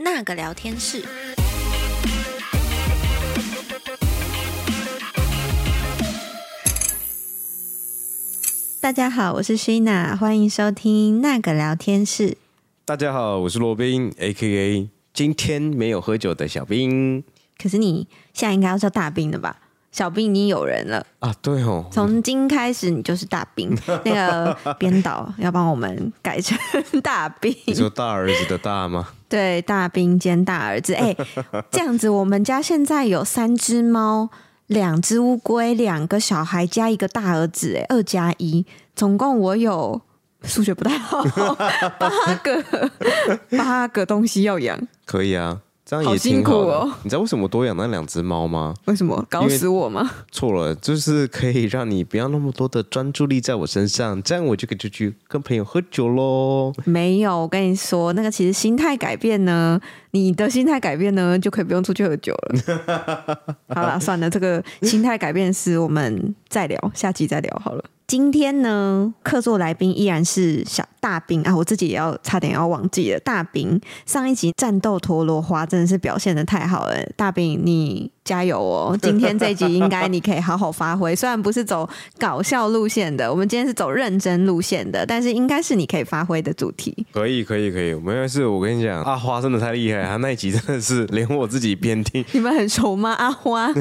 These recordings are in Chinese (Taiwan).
.那個聊天室。大家好，我是 Sheena，歡迎收聽那個聊天室。大家好，我是羅賓，A.K.A. 今天沒有喝酒的小兵。可是你現在應該要叫大兵了吧？小兵已經有人了啊！對哦，從今開始你就是大兵。那個編導要幫我們改成大兵，你說大兒子的大嗎？對，大兵兼大兒子。哎，這樣子我們家現在有三隻貓，兩隻烏龜，兩個小孩加一個大兒子，哎，二加一，總共我有數學不太好，八個八個東西要養，可以啊。這樣也好好辛苦哦。你知道為什麼多養那兩隻貓嗎？為什麼搞死我嗎？錯了，就是可以讓你不要那麼多的專注力在我身上，這樣我就可以就去跟朋友喝酒嘍。沒有，我跟你說，那個其實心態改變呢。你的心態改變呢，就可以不用出去喝酒了。 好啦，算了，這個心態改變是我們再聊，下集再聊好了。 今天呢，客座來賓依然是小大兵啊，我自己也要差點要忘記了。大兵上一集戰鬥陀螺花真的是表現得太好了，大兵你。加油哦！今天這一集應該你可以好好發揮， 雖然不是走搞笑路線的，我們今天是走認真路線的，但是應該是你可以發揮的主題。可以，可以，可以，沒有事。我跟你講，阿花真的太厲害，他那一集真的是連我自己邊聽。你們很熟嗎？阿花，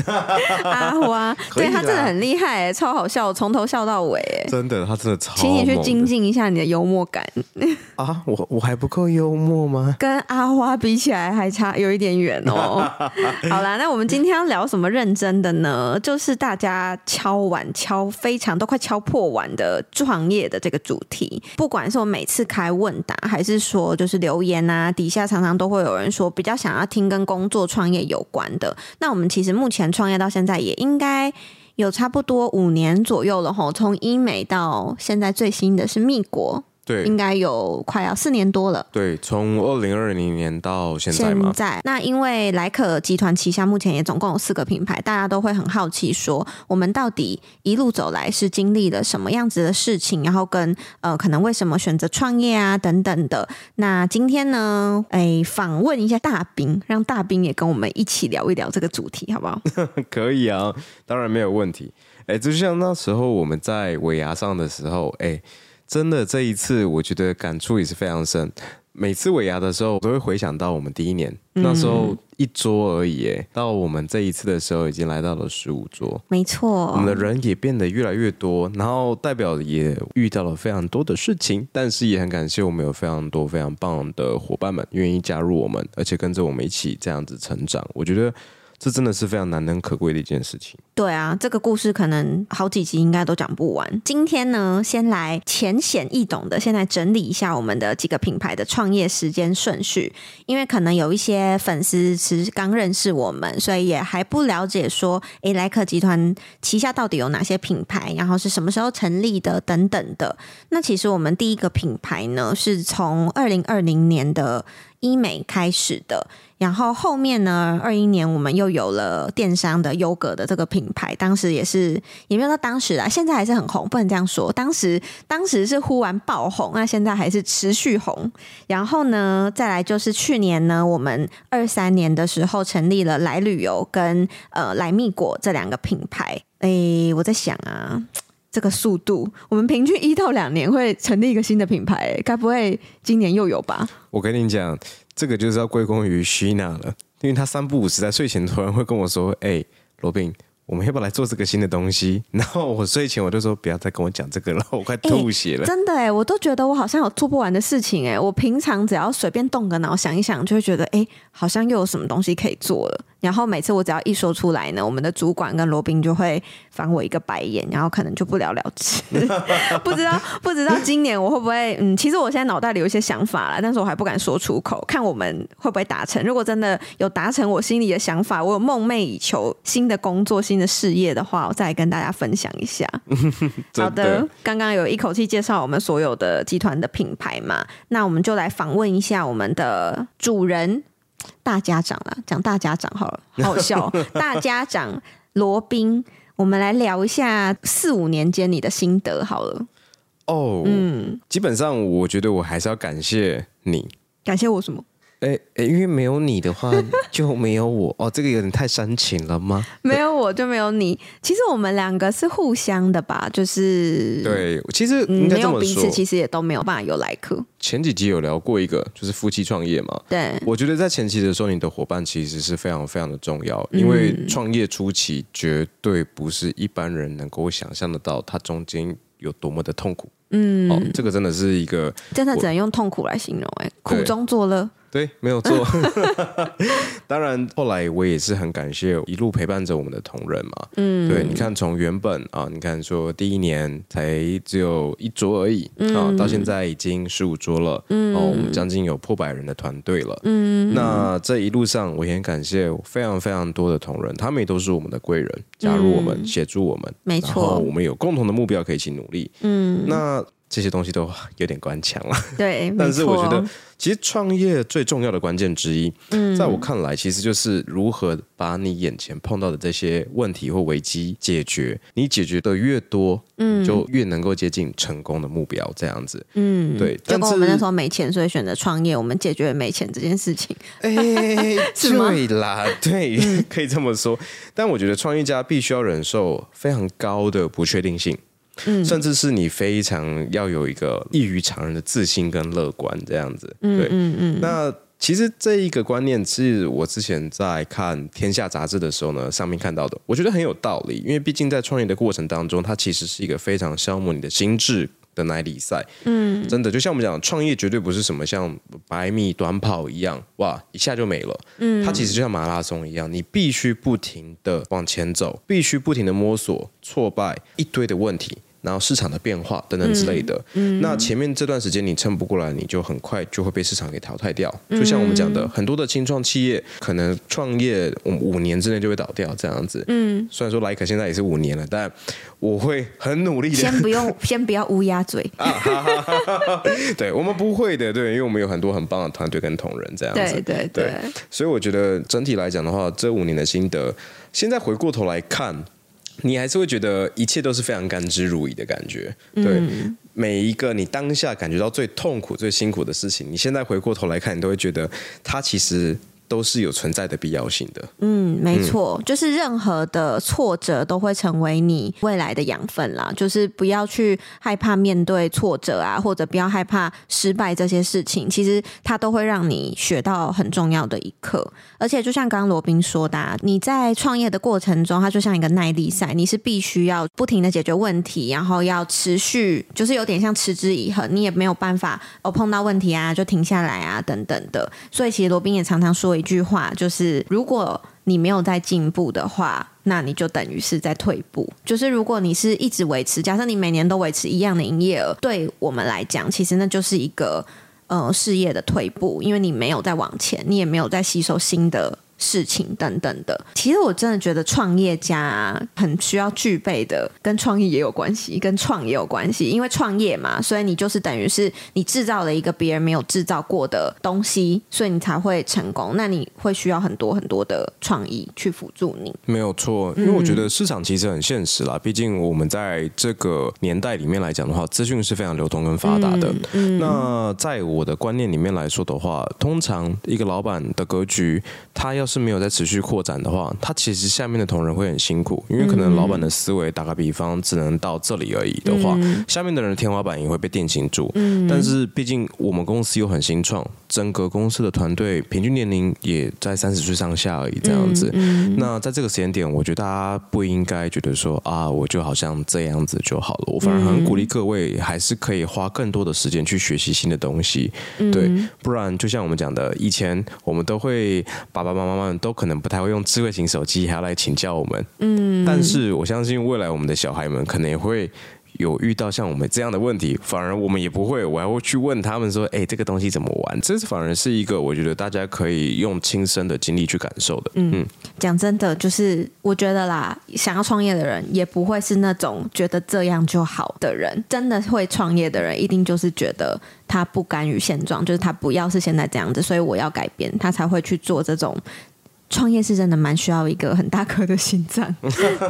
阿花，對，他真的很厲害欸，超好笑，從頭笑到尾欸。真的，他真的超的。請你去精進一下你的幽默感 啊！我我還不夠幽默嗎？跟阿花比起來，還差有一點遠哦。 好啦，那我們今天。要聊什麼認真的呢？就是大家敲碗敲非常都快敲破碗的創業的這個主題。不管是我每次開問答，還是說就是留言啊，底下常常都會有人說比較想要聽跟工作創業有關的。那我們其實目前創業到現在也應該有差不多五年左右了吼，從醫美到現在最新的是密國。對，應該有快要四年多了。對，從二零二零年到現在嗎？現在那，因為萊可集團旗下目前也總共有四個品牌，大家都會很好奇，說我們到底一路走來是經歷了什麼樣子的事情，然後跟呃，可能為什麼選擇創業啊等等的。那今天呢，哎，訪問一下大兵，讓大兵也跟我們一起聊一聊這個主題，好不好？ 可以啊，當然沒有問題。哎，就像那時候我們在尾牙上的時候，哎。真的，這一次我覺得感觸也是非常深。每次尾牙的時候，我都會回想到我們第一年、嗯、那時候一桌而已，到我們這一次的時候，已經來到了十五桌，沒錯，我們的人也變得越來越多，然後代表也遇到了非常多的事情，但是也很感謝我們有非常多非常棒的夥伴們願意加入我們，而且跟着我們一起這樣子成長，我覺得。這真的是非常難能可貴的一件事情。對啊，這個故事可能好幾集應該都講不完。今天呢，先來淺顯易懂的，先來整理一下我們的幾個品牌的創業時間順序。因為可能有一些粉絲其實剛認識我們，所以也還不了解說，誒、欸，萊可集團旗下到底有哪些品牌，然後是什麼時候成立的等等的。那其實我們第一個品牌呢，是從二零二零年的。醫美開始的，然後後面呢？二一年我們又有了電商的優格的這個品牌，當時也是也沒有到當時啊，現在還是很紅，不能這樣說。當時當時是忽然爆紅，那現在還是持續紅。然後呢，再來就是去年呢，我們二三年的時候成立了萊旅遊跟呃萊蜜果這兩個品牌。哎、欸，我在想啊。這個速度，我們平均一到兩年會成立一個新的品牌。欸，該不會今年又有吧？我跟你講，這個就是要歸功於 Sheena 了，因為她三不五時在睡前突然會跟我說：“哎、欸，羅賓，我們要不要來做這個新的東西？”然後我睡前我就說：“不要再跟我講這個了，我快吐血了！”欸，真的，欸，我都覺得我好像有做不完的事情哎、欸，我平常只要隨便動個腦想一想，就會覺得哎、欸，好像又有什麼東西可以做了。然後每次我只要一說出來呢，我們的主管跟羅賓就會翻我一個白眼，然後可能就不了了之。 不知道，不知道今年我會不會嗯，其實我現在腦袋裡有一些想法啦，但是我還不敢說出口，看我們會不會達成。如果真的有達成我心裡的想法，我有夢寐以求新的工作、新的事業的話，我再來跟大家分享一下。 真的。好的，剛剛有一口氣介紹我們所有的集團的品牌嘛，那我們就來訪問一下我們的主人。大家長啦，講大家長好了，好，好笑喔。 大家長羅賓，我們來聊一下四五年間你的心得好了。哦，嗯，基本上我覺得我還是要感謝你，感謝我什麼？哎哎、欸欸，因為沒有你的話，就沒有我 哦。這個有點太煽情了嗎？沒有我就沒有你。其實我們兩個是互相的吧？就是對，其實、嗯、沒有彼此，其實也都沒有辦法有萊可。前幾集有聊過一個，就是夫妻創業嘛。對，我覺得在前期的時候，你的伙伴其實是非常非常的重要，嗯、因為創業初期絕對不是一般人能夠想象得到，他中間有多麼的痛苦。嗯，哦，這個真的是一個，真的只能用痛苦來形容、欸。哎對，苦中作樂。對，沒有錯。 當然後來我也是很感謝一路陪伴着我們的同仁嘛。嗯，對，你看從原本啊，你看說第一年才只有一桌而已、嗯、啊，到現在已經十五桌了。嗯，然後我們將近有破百人的團隊了。嗯，那這一路上我也很感謝非常非常多的同仁，他們也都是我們的貴人，加入我們，嗯、協助我們。沒錯，然後我們有共同的目標，可以一起努力。嗯，那。這些東西都有點官腔了，對，哦、但是我覺得，其實創業最重要的關鍵之一，嗯、在我看來，其實就是如何把你眼前碰到的這些問題或危機解決。你解決的越多，嗯，就越能夠接近成功的目標。這樣子，嗯，對。但就跟我們那時候沒錢，所以選擇創業，我們解決了沒錢這件事情。哎、 欸，對啦，對，可以這麼說。 但我覺得，創業家必須要忍受非常高的不確定性。嗯、甚至是你非常要有一個異於常人的自信跟樂觀這樣子，嗯、對，嗯嗯、那其實這一個觀念，是我之前在看《天下》雜誌的時候呢，上面看到的，我覺得很有道理。因為畢竟在創業的過程當中，它其實是一個非常消磨你的心智的耐力賽。嗯、真的，就像我們講，創業絕對不是什麼像百米短跑一樣，哇，一下就沒了。嗯、它其實就像馬拉松一樣，你必須不停地往前走，必須不停地摸索，挫敗一堆的問題。然後市場的變化等等之類的，嗯嗯、那前面這段時間你撐不過來，你就很快就會被市場給淘汰掉。嗯、就像我們講的，嗯、很多的青創企業可能創業我們五年之內就會倒掉這樣子。嗯，雖然說萊可現在也是五年了，但我會很努力的。先不用， 先不要烏鴉嘴對，我們不會的，對，因為我們有很多很棒的團隊跟同仁這樣子，對對對，對。所以我覺得整體來講的話，這五年的心得，現在回過頭來看。你還是會覺得一切都是非常甘之如飴的感覺，對、嗯、每一個你當下感覺到最痛苦、最辛苦的事情，你現在回過頭來看，你都會覺得它其實。都是有存在的必要性的。嗯，沒錯，嗯、就是任何的挫折都會成為你未來的養分啦。就是不要去害怕面對挫折啊，或者不要害怕失敗這些事情，其實它都會讓你學到很重要的一課。而且就像剛剛羅賓說的、啊，你在創業的過程中，它就像一個耐力賽，你是必須要不停地解決問題，然後要持續，就是有點像持之以恆。你也沒有辦法哦，碰到問題啊就停下來啊等等的。所以其實羅賓也常常說。一句話就是，如果你沒有在進步的話，那你就等於是在退步。就是如果你是一直維持，假設你每年都維持一樣的營業額，對我們來講，其實那就是一個呃事業的退步，因為你沒有在往前，你也沒有在吸收新的。事情等等的，其實我真的覺得創業家、啊、很需要具備的，跟創意也有關係，跟創業有關係，因為創業嘛，所以你就是等於是你製造了一個別人沒有製造過的東西，所以你才會成功。那你會需要很多很多的創意去輔助你。沒有錯，因為我覺得市場其實很現實啦，嗯、畢竟我們在這個年代裡面來講的話，資訊是非常流通跟發達的。嗯嗯、那在我的觀念裡面來說的話，通常一個老闆的格局，他要是沒有在持續擴展的話，他其實下面的同仁會很辛苦，因為可能老闆的思維打個比方，嗯嗯、只能到這裡而已的話，嗯嗯、下面的人的天花板也會被定型住。嗯嗯、但是畢竟我們公司又很新創，整個公司的團隊平均年齡也在三十歲上下而已，這樣子。嗯嗯嗯、那在這個時間點，我覺得大家不應該覺得說啊，我就好像這樣子就好了。我反而很鼓勵各位，還是可以花更多的時間去學習新的東西。嗯嗯、對，不然就像我們講的，以前我們都會爸爸媽媽。都可能不太會用智慧型手機，還要來請教我們。嗯，但是我相信未來我們的小孩們可能也會有遇到像我們這樣的問題，反而我們也不會，我還會去問他們說：“哎、欸，這個東西怎麼玩？”這反而是一個我覺得大家可以用親身的經歷去感受的。嗯，嗯，講真的，就是我覺得啦，想要創業的人也不會是那種覺得這樣就好的人，真的會創業的人一定就是覺得他不甘於現狀，就是他不要是現在這樣子，所以我要改變，他才會去做這種。創業是真的蠻需要一個很大顆的心臟，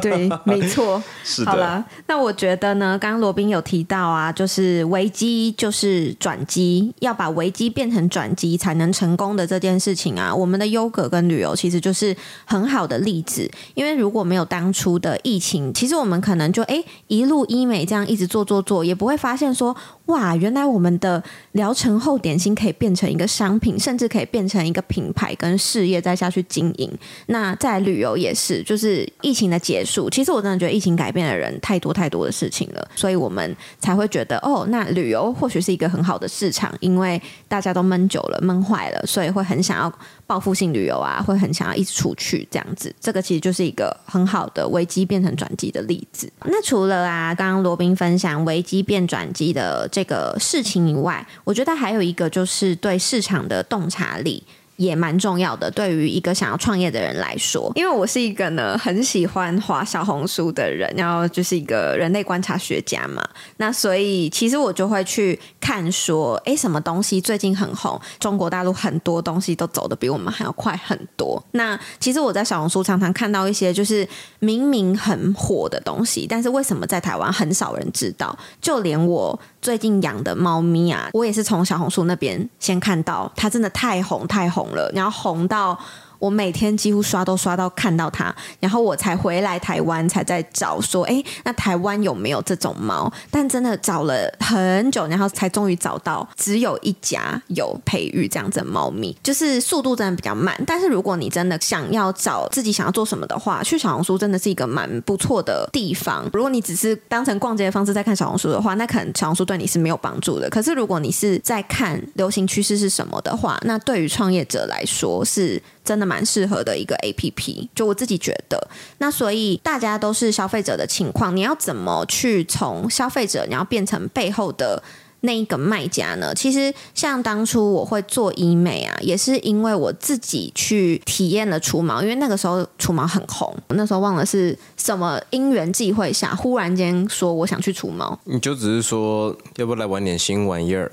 對，對，沒錯，是的。好了，那我覺得呢，剛剛羅賓有提到啊，就是危機就是轉機，要把危機變成轉機才能成功的這件事情啊，我們的優格跟旅遊其實就是很好的例子，因為如果沒有當初的疫情，其實我們可能就哎一路醫美這樣一直做做做，也不會發現說。哇，原來我們的療程後點心可以變成一個商品，甚至可以變成一個品牌跟事業再下去經營。那在旅遊也是，就是疫情的結束，其實我真的覺得疫情改變的人太多太多的事情了，所以我們才會覺得哦，那旅遊或許是一個很好的市場，因為大家都悶久了、悶壞了，所以會很想要。報復性旅遊啊，會很想要一直出去這樣子。這個其實就是一個很好的危機變成轉機的例子。那除了啊，剛剛羅賓分享危機變轉機的這個事情以外，我覺得還有一個就是對市場的洞察力。也蠻重要的，對於一個想要創業的人來說，因為我是一個呢很喜歡滑小紅書的人，然後就是一個人類觀察學家嘛，那所以其實我就會去看說，誒，什麼東西最近很紅？中國大陸很多東西都走得比我們還要快很多。那其實我在小紅書常常看到一些就是明明很火的東西，但是為什麼在台灣很少人知道？就連我。最近養的貓咪啊，我也是從小紅書那邊先看到，它真的太紅太紅了，然後紅到。我每天幾乎刷都刷到看到它，然後我才回來台灣才在找說，誒、欸，那台灣有沒有這種貓？但真的找了很久，然後才終於找到，只有一家有培育這樣子的貓咪，就是速度真的比較慢。但是如果你真的想要找自己想要做什麼的話，去小紅書真的是一個蠻不錯的地方。如果你只是當成逛街的方式在看小紅書的話，那可能小紅書對你是沒有幫助的。可是如果你是在看流行趨勢是什麼的話，那對於創業者來說是。真的蠻適合的一個 APP，就我自己覺得。那所以大家都是消費者的情況，你要怎麼去從消費者，你要變成背後的那一個賣家呢？其實像當初我會做醫美啊，也是因為我自己去體驗了除毛，因為那個時候除毛很紅。我那時候忘了是什麼因緣際會下，忽然間說我想去除毛。你就只是說，要不要來玩點新玩意兒？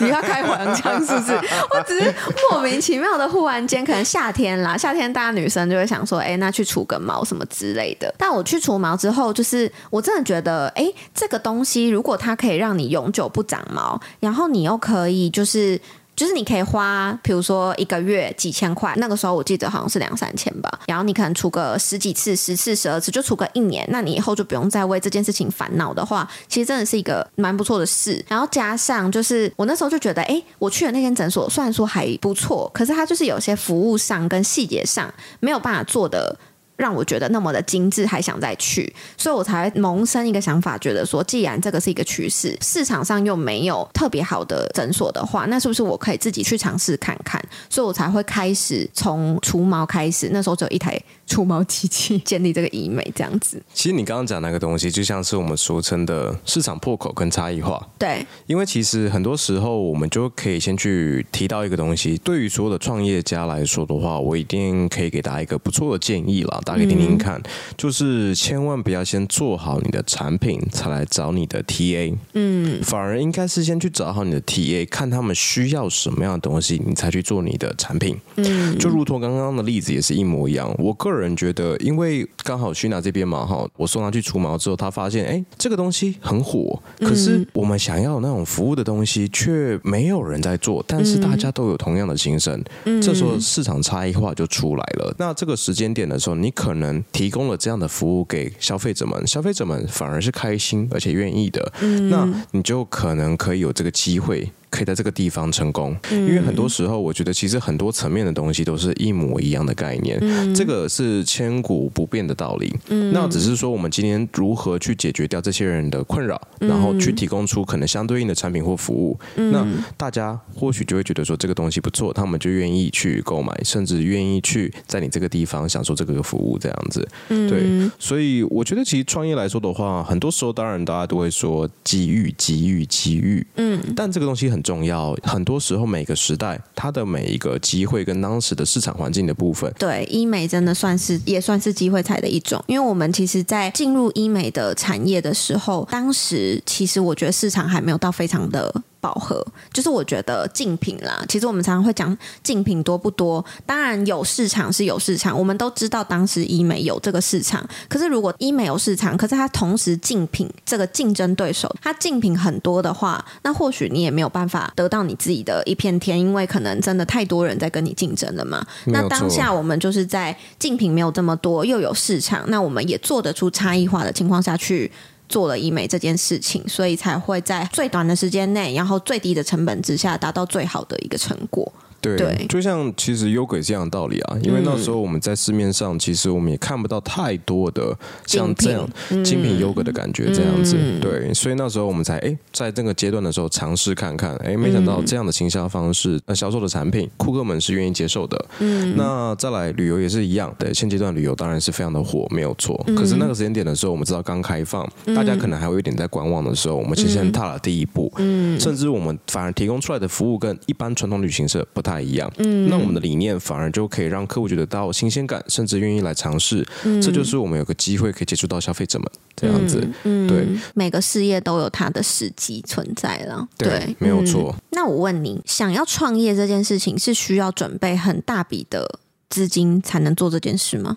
你要開黃腔是不是？我只是莫名其妙的，忽然間可能夏天啦，夏天大家女生就會想說，哎、欸，那去除個毛什麼之類的。但我去除毛之後，就是我真的覺得，哎、欸，這個東西如果它可以讓你永久不長毛，然後你又可以就是。就是你可以花，比如說一個月幾千塊，那個時候我記得好像是兩三千吧，然後你可能出個十幾次、十次、十二次，就出個一年，那你以後就不用再為這件事情煩惱的話，其實真的是一個蠻不錯的事。然後加上就是我那時候就覺得，哎、欸，我去的那間診所雖然說還不錯，可是它就是有些服務上跟細節上沒有辦法做的。讓我覺得那麼的精緻，還想再去，所以我才萌生一個想法，覺得說，既然這個是一個趨勢，市場上又沒有特別好的診所的話，那是不是我可以自己去嘗試看看？所以我才會開始從除毛開始。那時候只有一台除毛機器，建立這個醫美這樣子。其實你剛剛講那個東西，就像是我們俗稱的市場破口跟差異化。對，因為其實很多時候我們就可以先去提到一個東西，對於所有的創業家來說的話，我一定可以給大家一個不錯的建議啦。大打給婷婷看，嗯、就是千萬不要先做好你的產品才來找你的 T A，嗯，反而應該是先去找好你的 T A，看他們需要什麼樣的東西，你才去做你的產品，嗯，就如同剛剛的例子也是一模一樣。我個人覺得，因為剛好 Sheena 這邊嘛，哈，我送他去除毛之後，他發現哎、欸，這個東西很火，可是我們想要那種服務的東西卻沒有人在做，但是大家都有同樣的心聲，嗯、這時候市場差異化就出來了。那這個時間點的時候，你可能提供了這樣的服務給消費者們，消費者們反而是開心而且願意的，嗯。那你就可能可以有這個機會。可以在這個地方成功，因為很多時候我覺得其實很多層面的東西都是一模一樣的概念，嗯、這個是千古不變的道理。嗯、那只是說我們今天如何去解決掉這些人的困擾，嗯、然後去提供出可能相對應的產品或服務，嗯、那大家或許就會覺得說這個東西不錯，他們就願意去購買，甚至願意去在你這個地方享受這個服務這樣子。嗯、對，所以我覺得其實創業來說的話，很多時候當然大家都會說機遇、機遇、機遇、機遇。嗯，但這個東西很。重要，很多時候每個時代它的每一個機會跟當時的市場環境的部分，對醫美真的算是，也算是機會才的一種，因為我們其實在進入醫美的產業的時候，當時其實我覺得市場還沒有到非常的。飽和，就是我覺得競品啦，其實我們常常會講競品多不多，當然有市場是有市場，我們都知道當時醫美有這個市場，可是如果醫美有市場，可是它同時競品這個競爭對手，它競品很多的話，那或許你也沒有辦法得到你自己的一片天，因為可能真的太多人在跟你競爭了嘛。那當下我們就是在競品沒有這麼多，又有市場，那我們也做得出差異化的情況下去做了醫美這件事情，所以才會在最短的時間內，然後最低的成本之下，達到最好的一個成果。對，對就像其實優格這樣的道理啊，嗯、因為那時候我們在市面上其實我們也看不到太多的像這樣品品、嗯、精品優格的感覺這樣子，嗯嗯、對，所以那時候我們才哎在這個階段的時候嘗試看看，哎，沒想到這樣的行銷方式，那銷、嗯呃、售的產品顧客們是願意接受的，嗯，那再來旅遊也是一樣，對，現階段旅遊當然是非常的火，沒有錯，嗯、可是那個時間點的時候，我們知道剛開放，嗯、大家可能還有一點在觀望的時候，我們其實先踏了第一步，嗯，甚至我們反而提供出來的服務跟一般傳統旅行社不太。太一樣，嗯，那我們的理念反而就可以讓客戶覺得到新鮮感，甚至願意來嘗試。嗯、這就是我們有個機會可以接觸到消費者們這樣子。嗯，嗯對，每個事業都有它的時機存在了。對，對沒有錯、嗯。那我問你，想要創業這件事情是需要準備很大筆的資金才能做這件事嗎？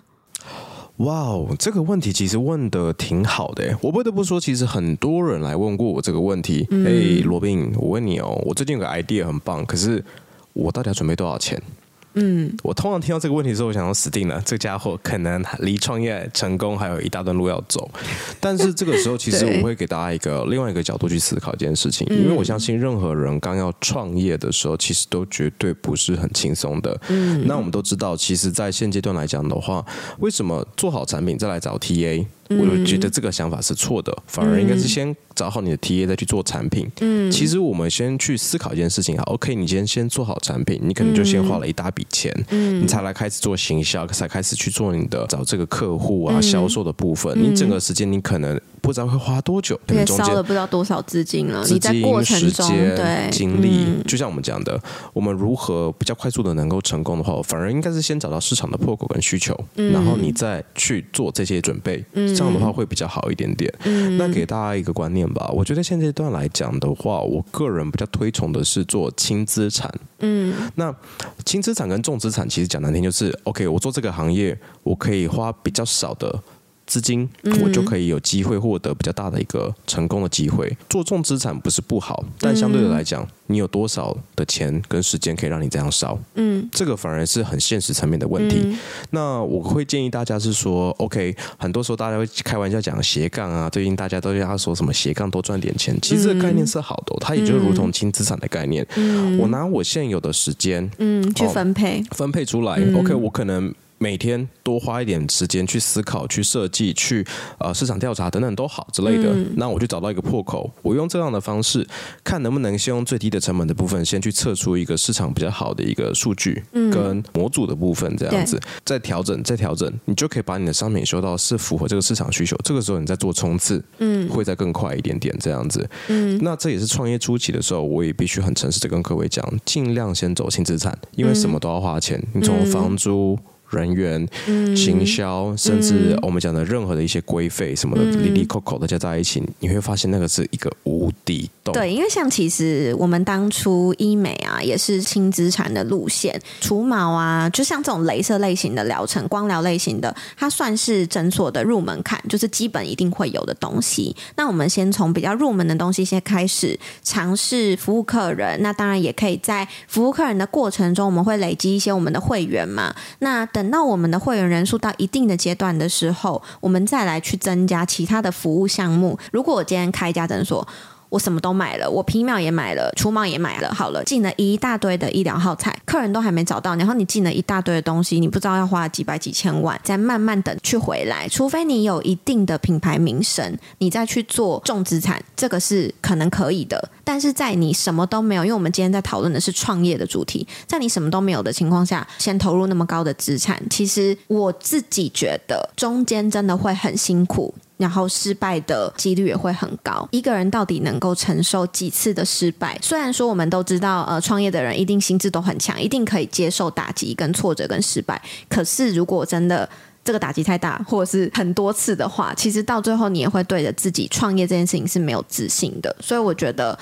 哇哦，這個問題其實問得挺好的、欸，我不得不說，其實很多人來問過我這個問題。哎、嗯欸，羅賓，我問你哦，我最近有個 idea 很棒，可是。我到底要準備多少錢？嗯，我通常聽到這個問題的時候，我想要死定了，這個傢伙可能離創業成功還有一大段路要走。但是這個時候，其實我會給大家一個 對另外一個角度去思考一件事情，因為我相信任何人剛要創業的時候，其實都絕對不是很輕鬆的。嗯，那我們都知道，其實，在現階段來講的話，為什麼做好產品再來找 TA？我就覺得這個想法是錯的，反而應該是先找好你的提 A 再去做產品。嗯，其實我們先去思考一件事情哈，OK，你今天先做好產品，你可能就先花了一大筆錢，嗯、你才來開始做行銷，才開始去做你的找這個客戶啊、嗯、銷售的部分。嗯、你整個時間你可能不知道會花多久，也燒了不知道多少資金了。資金、對時間、精力，嗯、就像我們講的，我們如何比較快速的能夠成功的話，反而應該是先找到市場的破口跟需求，嗯、然後你再去做這些準備。嗯。這樣的話會比較好一點點。嗯，嗯，那給大家一個觀念吧，我覺得現階段來講的話，我個人比較推崇的是做輕資產。嗯，那輕資產跟重資產其實講難聽就是，OK，我做這個行業，我可以花比較少的。資金，我就可以有機會獲得比較大的一個成功的機會。做重資產不是不好，但相對的來講，你有多少的錢跟時間可以讓你這樣燒？嗯，這個反而是很現實層面的問題。嗯、那我會建議大家是說，OK，很多時候大家會開玩笑講斜槓啊。最近大家都要說什麼斜槓多賺點錢，其實這個概念是好的、哦。它也就如同輕資產的概念，嗯、我拿我現有的時間，嗯，去分配、哦，分配出來。OK，我可能。每天多花一點時間去思考、去設計、去呃市場調查等等都好之類的。嗯、那我就找到一個破口，我用這樣的方式，看能不能先用最低的成本的部分先去測出一個市場比較好的一個數據、嗯、跟模組的部分，這樣子對再調整、再調整，你就可以把你的商品修到是符合這個市場需求。這個時候你再做衝刺，嗯，會再更快一點點這樣子。嗯，那這也是創業初期的時候，我也必須很誠實的跟各位講，盡量先走輕資產，因為什麼都要花錢，嗯、你從房租。嗯嗯人員、行銷，嗯、甚至我們講的任何的一些規費、嗯、什麼的，哩哩摳摳的加在一起，嗯、你會發現那個是一個無底洞。對，因為像其實我們當初醫美啊，也是輕資產的路線，除毛啊，就像這種雷射類型的療程、光療類型的，它算是診所的入門檻，就是基本一定會有的東西。那我們先從比較入門的東西先開始嘗試服務客人，那當然也可以在服務客人的過程中，我們會累積一些我們的會員嘛。那等到我們的會員人數到一定的階段的時候，我們再來去增加其他的服務項目。如果我今天開一家診所。我什麼都買了，我皮秒也買了，除毛也買了，好了，進了一大堆的醫療耗材，客人都還沒找到，然後你進了一大堆的東西，你不知道要花幾百幾千萬，再慢慢等去回來，除非你有一定的品牌名聲，你再去做重資產，這個是可能可以的，但是在你什麼都沒有，因為我們今天在討論的是創業的主題，在你什麼都沒有的情況下，先投入那麼高的資產，其實我自己覺得中間真的會很辛苦。然後失敗的幾率也會很高。一個人到底能夠承受幾次的失敗？雖然說我們都知道，呃，創業的人一定心智都很強，一定可以接受打擊、跟挫折、跟失敗。可是如果真的這個打擊太大，或者是很多次的話，其實到最後你也會對着自己創業這件事情是沒有自信的。所以我覺得。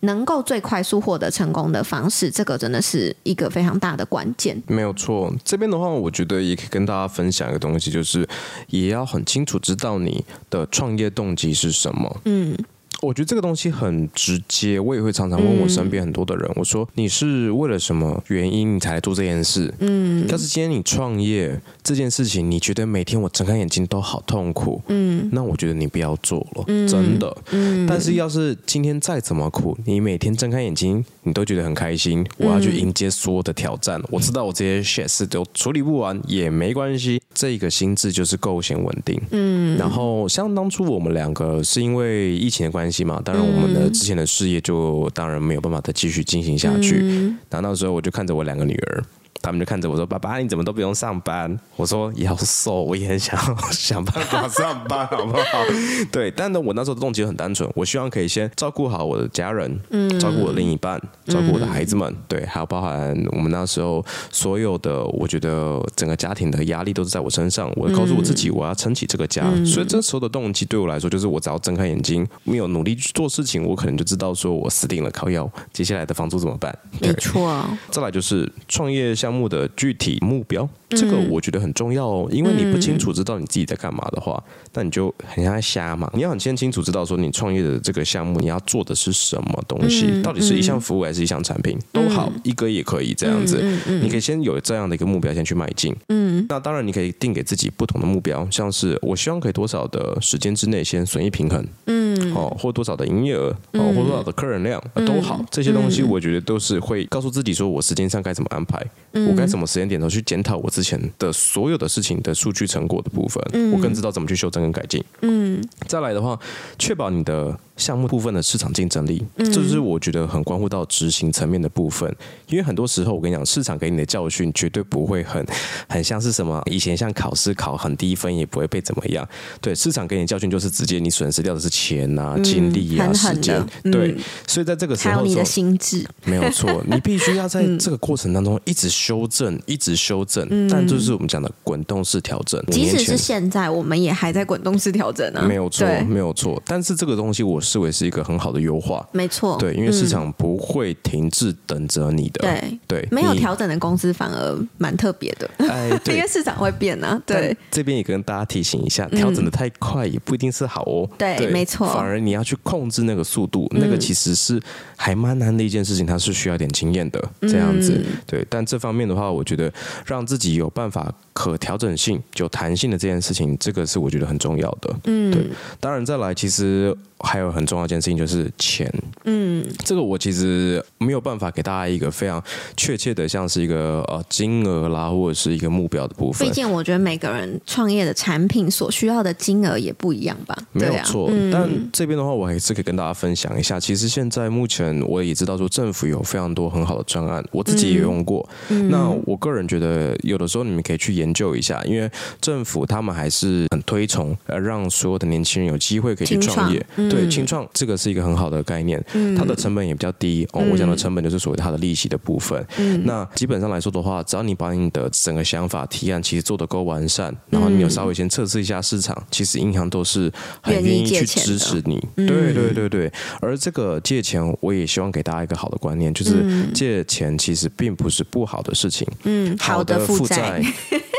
能夠最快速獲得成功的方式，這個真的是一個非常大的關鍵。沒有錯，這邊的話，我覺得也可以跟大家分享一個東西，就是也要很清楚知道你的創業動機是什麼。嗯。我覺得這個東西很直接，我也會常常問我身邊很多的人，嗯、我說你是為了什麼原因你才來做這件事？嗯，但是今天你創業這件事情，你覺得每天我睜開眼睛都好痛苦，嗯，那我覺得你不要做了，嗯、真的，嗯、但是要是今天再怎麼苦，你每天睜開眼睛你都覺得很開心，我要去迎接所有的挑戰，嗯、我知道我這些 shit 事都處理不完也沒關係，這一個心智就是夠顯穩定，嗯。然後像當初我們兩個是因為疫情的關係。當然，我們的之前的事業就當然沒有辦法再繼續進行下去。那那時候，我就看着我兩個女兒。他們就看着我說：“爸爸，你怎麼都不用上班？”我說：“要瘦，我也很想想辦法上班，好不好？” 對，但呢，我那時候的動機很單純，我希望可以先照顧好我的家人，嗯，照顧我的另一半，照顧我的孩子們，嗯、對，還有包含我們那時候所有的，我覺得整個家庭的壓力都是在我身上。我告訴我自己，我要撐起這個家。嗯、所以這時候的動機對我來說，就是我只要睜開眼睛，沒有努力去做事情，我可能就知道說我死定了，靠腰，接下來的房租怎麼辦？沒錯。再來就是創業像項目的具體目標，這個我覺得很重要哦，因為你不清楚知道你自己在幹嘛的話，那你就很像在瞎嘛。你要很先清楚知道說，你創業的這個項目你要做的是什麼東西，到底是一項服務還是一項產品都好，一個也可以這樣子。你可以先有這樣的一個目標，先去邁進。嗯，那當然你可以定給自己不同的目標，像是我希望可以多少的時間之內先損益平衡，嗯，好，或多少的營業額，哦，或多少的客人量都好，這些東西我覺得都是會告訴自己說，我時間上該怎麼安排。我該什麼時間點頭去檢討我之前的所有的事情的數據成果的部分，嗯、我更知道怎麼去修正跟改進。嗯，再來的話，確保你的項目部分的市場競爭力，這、嗯、是我覺得很關乎到執行層面的部分。因為很多時候，我跟你講，市場給你的教訓絕對不會很很像是什麼以前像考試考很低分也不會被怎麼樣。對，市場給你的教訓就是直接你損失掉的是錢啊、嗯、精力啊、時間。對，嗯、所以在這個時候，時候，還有你的心智，沒有錯，你必須要在這個過程當中一直、嗯。修正一直修正，但就是我們講的滾動式調整。即使是現在，我們也還在滾動式調整呢。沒有錯，沒有錯。但是這個東西，我視為是一個很好的優化。沒錯，對，因為市場不會停滯等着你的。對對，沒有調整的公司反而蠻特別的。哎，因為市場會變啊。對，這邊也跟大家提醒一下，調整的太快也不一定是好哦。對，沒錯。反而你要去控制那個速度，那個其實是還蠻難的一件事情，它是需要點經驗的。這樣子，對，但這方面。面的話，我覺得讓自己有辦法可調整性，就彈性的這件事情，這個是我覺得很重要的。嗯，對。當然，再來，其實還有很重要一件事情，就是錢。嗯，這個我其實沒有辦法給大家一個非常確切的，像是一個呃金額啦，或者是一個目標的部分。畢竟，我覺得每個人創業的產品所需要的金額也不一樣吧。沒有錯。嗯、但這邊的話，我還是可以跟大家分享一下。其實現在目前我也知道說，政府有非常多很好的專案，我自己也用過。嗯、那我個人覺得，有的時候你們可以去研究研究一下，因為政府他們還是很推崇呃，而讓所有的年輕人有機會可以去創業。清嗯、對，青創這個是一個很好的概念，嗯、它的成本也比較低。哦嗯、我講的成本就是所謂它的利息的部分。嗯、那基本上來說的話，只要你把你的整個想法提案其實做得夠完善，然後你有稍微先測試一下市場，嗯、其實銀行都是很願意去支持你。你嗯、對對對對，而這個借錢，我也希望給大家一個好的觀念，就是借錢其實並不是不好的事情。嗯，好的負債。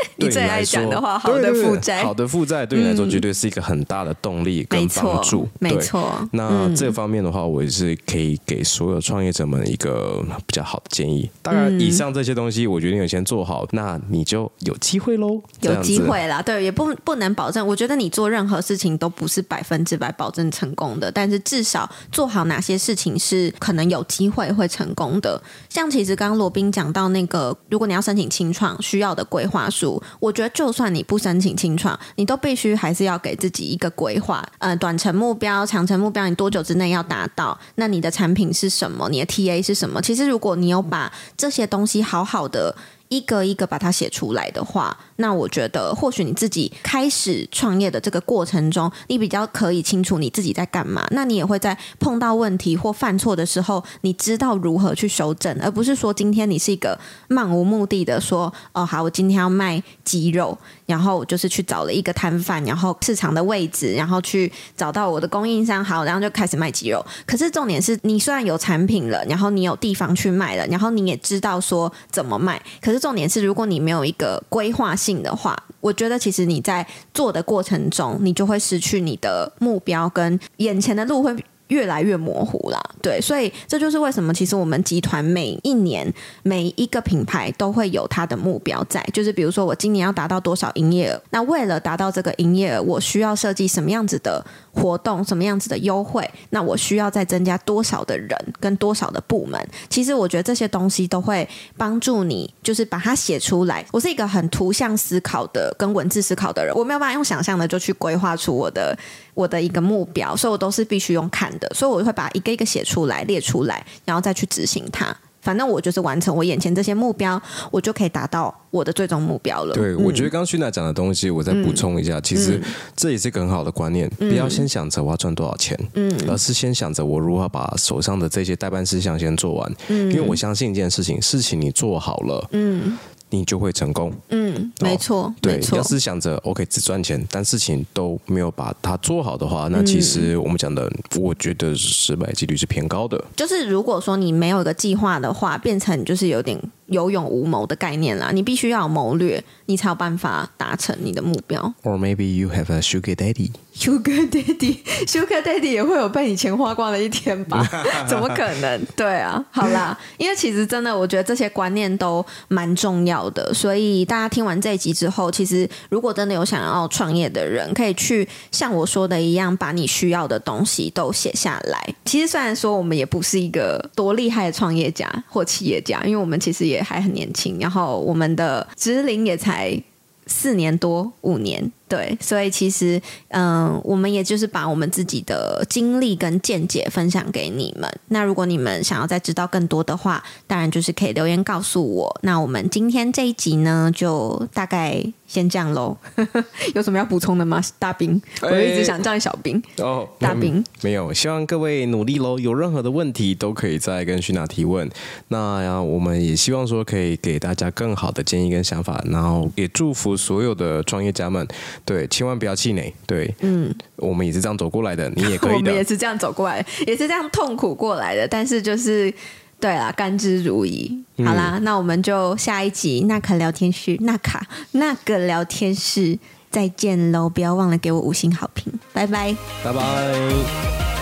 對你來說，你最愛講的話，好的負債對對對，好的負債對你來說絕對是一個很大的動力跟幫助。嗯、幫助沒錯，對沒錯，那這方面的話，我也是可以給所有創業者們一個比較好的建議。嗯、大概，以上這些東西，我決定有先做好，那你就有機會嘍。有機會啦，對，也不不能保證。我覺得你做任何事情都不是百分之百保證成功的，但是至少做好哪些事情是可能有機會會成功的。像其實剛剛羅賓講到那個，如果你要申請清創，需要的規劃。我覺得，就算你不申請青創，你都必須還是要給自己一個規劃。呃，短程目標、長程目標，你多久之內要達到？那你的產品是什麼？你的 TA 是什麼？其實，如果你有把這些東西好好的。一個一個把它寫出來的話，那我覺得或許你自己開始創業的這個過程中，你比較可以清楚你自己在幹嘛。那你也會在碰到問題或犯錯的時候，你知道如何去修正，而不是說今天你是一個漫無目的的說，哦，好，我今天要賣雞肉。然後就是去找了一個攤販，然後市場的位置，然後去找到我的供應商，好，然後就開始賣雞肉。可是重點是你雖然有產品了，然後你有地方去賣了，然後你也知道說怎麼賣。可是重點是，如果你沒有一個規劃性的話，我覺得其實你在做的過程中，你就會失去你的目標，跟眼前的路會。越來越模糊啦，對，所以這就是為什麼其實我們集團每一年每一個品牌都會有它的目標在，就是比如說我今年要達到多少營業額，那為了達到這個營業額，我需要設計什麼樣子的活動，什麼樣子的優惠，那我需要再增加多少的人跟多少的部門。其實我覺得這些東西都會幫助你，就是把它寫出來。我是一個很圖像思考的跟文字思考的人，我沒有辦法用想象的就去規劃出我的。我的一個目標，所以我都是必須用看的，所以我會把一個一個寫出來、列出來，然後再去執行它。反正我就是完成我眼前這些目標，我就可以達到我的最終目標了。對，嗯、我覺得剛 Sheena 講的東西，我再補充一下，嗯、其實這也是一個很好的觀念，嗯、不要先想着我要賺多少錢，嗯，而是先想着我如何把手上的這些代辦事項先做完。嗯，因為我相信一件事情，事情你做好了，嗯。你就會成功。嗯，沒錯、哦，對。沒錯。要是想着 OK 只賺錢，但事情都沒有把它做好的話，那其實我們講的，嗯、我覺得失敗幾率是偏高的。就是如果說你沒有一個計劃的話，變成就是有點，有勇無謀的概念啦，你必須要有謀略，你才有辦法達成你的目標。Or maybe you have a sugar daddy. Sugar daddy, sugar daddy 也會有被你錢花光了一天吧？ 怎麼可能？對啊，好啦，因為其實真的，我覺得這些觀念都蠻重要的。所以大家聽完這一集之後，其實如果真的有想要創業的人，可以去像我說的一樣，把你需要的東西都寫下來。其實雖然說我們也不是一個多厲害的創業家或企業家，因為我們其實也還很年輕，然後我們的職齡也才四年多五年。對，所以其實，嗯、呃，我們也就是把我們自己的經歷跟見解分享給你們。那如果你們想要再知道更多的話，當然就是可以留言告訴我。那我們今天這一集呢，就大概先這樣嘍。 有什麼要補充的嗎，大賓？欸、我一直想叫你小賓、欸、哦。大賓。沒有，希望各位努力嘍。有任何的問題都可以再跟 Sheena 提問。那、啊、我們也希望說可以給大家更好的建議跟想法，然後也祝福所有的創業家們。對，千萬不要氣餒。對，嗯，我們也是這樣走過來的，你也可以的。 我們也是這樣走過來的，也是這樣痛苦過來的，但是就是，對啦，甘之如饴。嗯、好啦，那我們就下一集那卡聊天室，那卡娜個聊天室再見嘍！不要忘了給我五星好評，拜拜，拜拜。